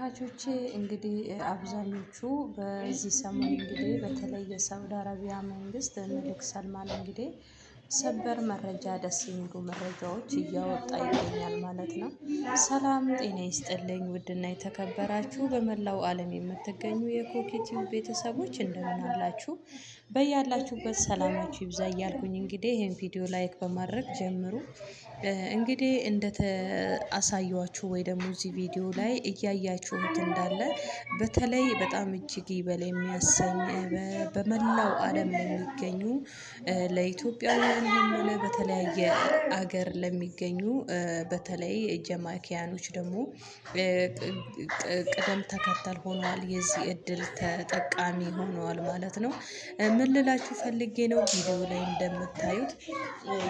ተመልካቾቼ እንግዲህ አብዛኞቹ በዚህ ሰሞን እንግዲህ በተለይ የሳውዲ አረቢያ መንግስት መልክ ሰልማን እንግዲህ ሰበር መረጃ ደስ የሚሉ መረጃዎች እያወጣ ይገኛል ማለት ነው። ሰላም ጤና ይስጥልኝ ውድና የተከበራችሁ በመላው ዓለም የምትገኙ የኮኬቲው ቤተሰቦች እንደምን አላችሁ? በያላችሁበት ሰላማችሁ ይብዛ እያልኩኝ እንግዲህ ይህን ቪዲዮ ላይክ በማድረግ ጀምሩ። እንግዲህ እንደተአሳየኋችሁ ወይ ደግሞ እዚህ ቪዲዮ ላይ እያያችሁት እንዳለ በተለይ በጣም እጅግ ይበል የሚያሰኝ በመላው ዓለም ለሚገኙ ለኢትዮጵያውያን ሆነ በተለያየ አገር ለሚገኙ በተለይ ጀማይካውያኖች ደግሞ ቅደም ተከተል ሆነዋል። የዚህ እድል ተጠቃሚ ሆነዋል ማለት ነው። ምን ልላችሁ ፈልጌ ነው፣ ቪዲዮ ላይ እንደምታዩት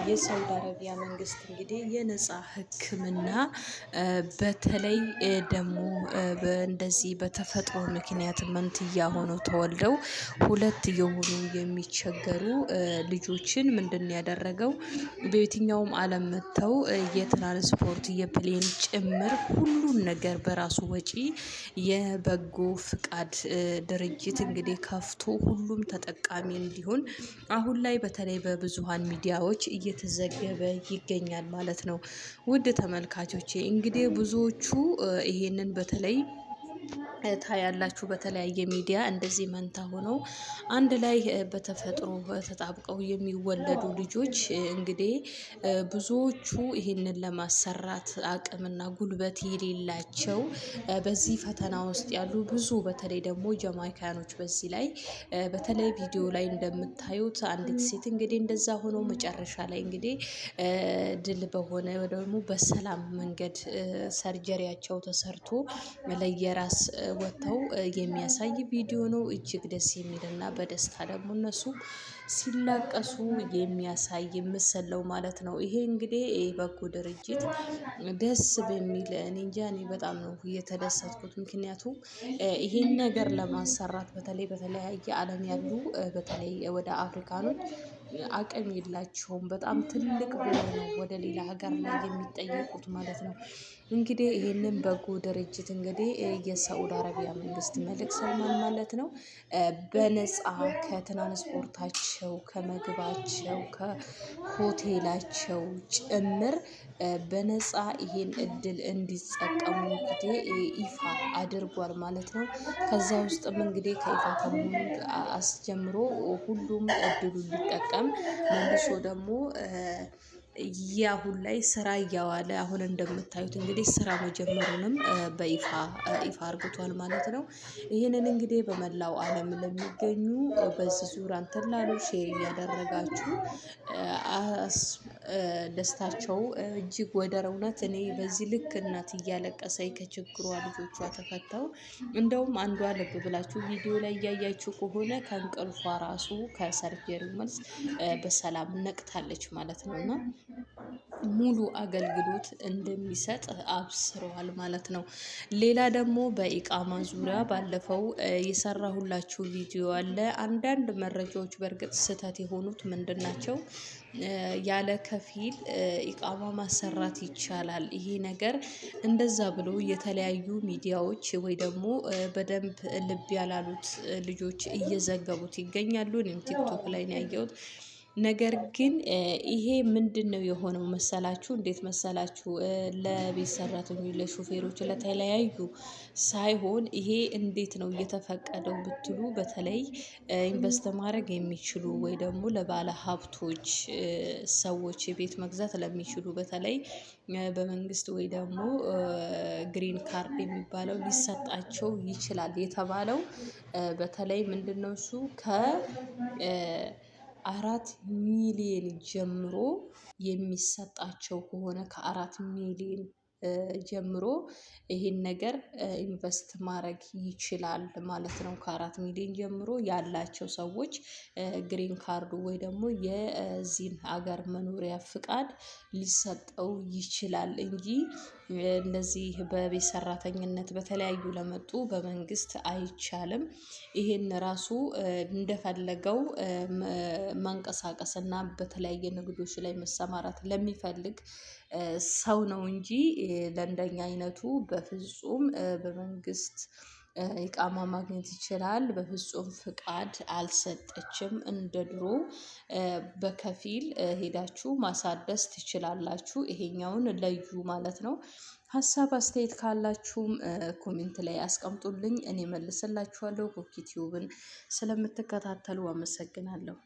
የሳውዲ አረቢያ መንግስት እንግዲህ የነፃ ሕክምና በተለይ ደግሞ እንደዚህ በተፈጥሮ ምክንያት መንትያ ሆነው ተወልደው ሁለት የሆኑ የሚቸገሩ ልጆችን ምንድን ያደረገው በየትኛውም ዓለም መጥተው የትራንስፖርት የፕሌን ጭምር ሁሉን ነገር በራሱ ወጪ የበጎ ፍቃድ ድርጅት እንግዲህ ከፍቶ ሁሉም ተጠቃሚ ጠቃሚ እንዲሆን አሁን ላይ በተለይ በብዙሀን ሚዲያዎች እየተዘገበ ይገኛል ማለት ነው። ውድ ተመልካቾቼ እንግዲህ ብዙዎቹ ይሄንን በተለይ ታያላችሁ በተለያየ ሚዲያ እንደዚህ መንታ ሆነው አንድ ላይ በተፈጥሮ ተጣብቀው የሚወለዱ ልጆች እንግዲህ ብዙዎቹ ይህንን ለማሰራት አቅምና ጉልበት የሌላቸው በዚህ ፈተና ውስጥ ያሉ ብዙ በተለይ ደግሞ ጀማይካኖች በዚህ ላይ በተለይ ቪዲዮ ላይ እንደምታዩት አንዲት ሴት እንግዲህ እንደዛ ሆነው መጨረሻ ላይ እንግዲህ ድል በሆነ ደግሞ በሰላም መንገድ ሰርጀሪያቸው ተሰርቶ ለየራስ ወጥተው የሚያሳይ ቪዲዮ ነው። እጅግ ደስ የሚልና በደስታ ደግሞ እነሱ ሲላቀሱ የሚያሳይ ምስል ነው ማለት ነው። ይሄ እንግዲህ የበጎ ድርጅት ደስ በሚል እኔ እንጃ እኔ በጣም ነው የተደሰትኩት። ምክንያቱም ይሄን ነገር ለማሰራት በተለይ በተለያየ ዓለም ያሉ በተለይ ወደ አፍሪካኖች አቅም የላቸውም። በጣም ትልቅ ብር ነው ወደ ሌላ ሀገር ላይ የሚጠየቁት ማለት ነው። እንግዲህ ይህንን በጎ ድርጅት እንግዲህ የሳኡድ አረቢያ መንግስት መልክ ሰልማን ማለት ነው በነፃ ከትራንስፖርታቸው ከምግባቸው ከሆቴላቸው ጭምር በነፃ ይሄን እድል እንዲጠቀሙ እንግዲህ ይፋ አድርጓል ማለት ነው። ከዛ ውስጥም እንግዲህ ከይፋ ከመሆኑ አስጀምሮ ሁሉም እድሉ ሊጠቀም በጣም መልሶ ደግሞ ያሁን ላይ ስራ እያዋለ አሁን እንደምታዩት እንግዲህ ስራ መጀመሩንም በይፋ ይፋ አርግቷል ማለት ነው። ይህንን እንግዲህ በመላው ዓለም ለሚገኙ በዚህ ዙር አንተላሉ ሼር እያደረጋችሁ ደስታቸው እጅግ ወደር እውነት እኔ በዚህ ልክ እናት እያለቀሰኝ ከችግሯ ልጆቿ ተፈተው እንደውም አንዷ ልብ ብላችሁ ቪዲዮ ላይ እያያችሁ ከሆነ ከእንቅልፏ ራሱ ከሰርጀሪው መልስ በሰላም ነቅታለች ማለት ነው እና ሙሉ አገልግሎት እንደሚሰጥ አብስረዋል ማለት ነው። ሌላ ደግሞ በኢቃማ ዙሪያ ባለፈው የሰራሁላችሁ ቪዲዮ አለ። አንዳንድ መረጃዎች በእርግጥ ስህተት የሆኑት ምንድን ናቸው? ያለ ከፊል ኢቃማ ማሰራት ይቻላል። ይሄ ነገር እንደዛ ብሎ የተለያዩ ሚዲያዎች ወይ ደግሞ በደንብ ልብ ያላሉት ልጆች እየዘገቡት ይገኛሉ። እኔም ቲክቶክ ላይ ነው ያየሁት። ነገር ግን ይሄ ምንድን ነው የሆነው መሰላችሁ? እንዴት መሰላችሁ? ለቤት ሰራተኞች፣ ለሹፌሮች ለተለያዩ ሳይሆን ይሄ እንዴት ነው እየተፈቀደው ብትሉ በተለይ ኢንቨስት ማድረግ የሚችሉ ወይ ደግሞ ለባለ ሀብቶች ሰዎች ቤት መግዛት ለሚችሉ በተለይ በመንግስት ወይ ደግሞ ግሪን ካርድ የሚባለው ሊሰጣቸው ይችላል የተባለው በተለይ ምንድን ነው እሱ ከ ከአራት ሚሊዮን ጀምሮ የሚሰጣቸው ከሆነ ከአራት ሚሊዮን ጀምሮ ይሄን ነገር ኢንቨስት ማድረግ ይችላል ማለት ነው። ከአራት ሚሊዮን ጀምሮ ያላቸው ሰዎች ግሪን ካርዱ ወይ ደግሞ የዚህን ሀገር መኖሪያ ፍቃድ ሊሰጠው ይችላል እንጂ እንደዚህ በቤት ሰራተኝነት በተለያዩ ለመጡ በመንግስት አይቻልም። ይሄን ራሱ እንደፈለገው መንቀሳቀስና በተለያየ ንግዶች ላይ መሰማራት ለሚፈልግ ሰው ነው እንጂ ለእንደኛ አይነቱ በፍጹም በመንግስት ይቃማ ማግኘት ይችላል። በፍጹም ፍቃድ አልሰጠችም። እንደ ድሮ በከፊል ሄዳችሁ ማሳደስ ትችላላችሁ። ይሄኛውን ለዩ ማለት ነው። ሀሳብ አስተያየት ካላችሁም ኮሜንት ላይ አስቀምጡልኝ፣ እኔ መልስላችኋለሁ። ኮክ ቲዩብን ስለምትከታተሉ አመሰግናለሁ።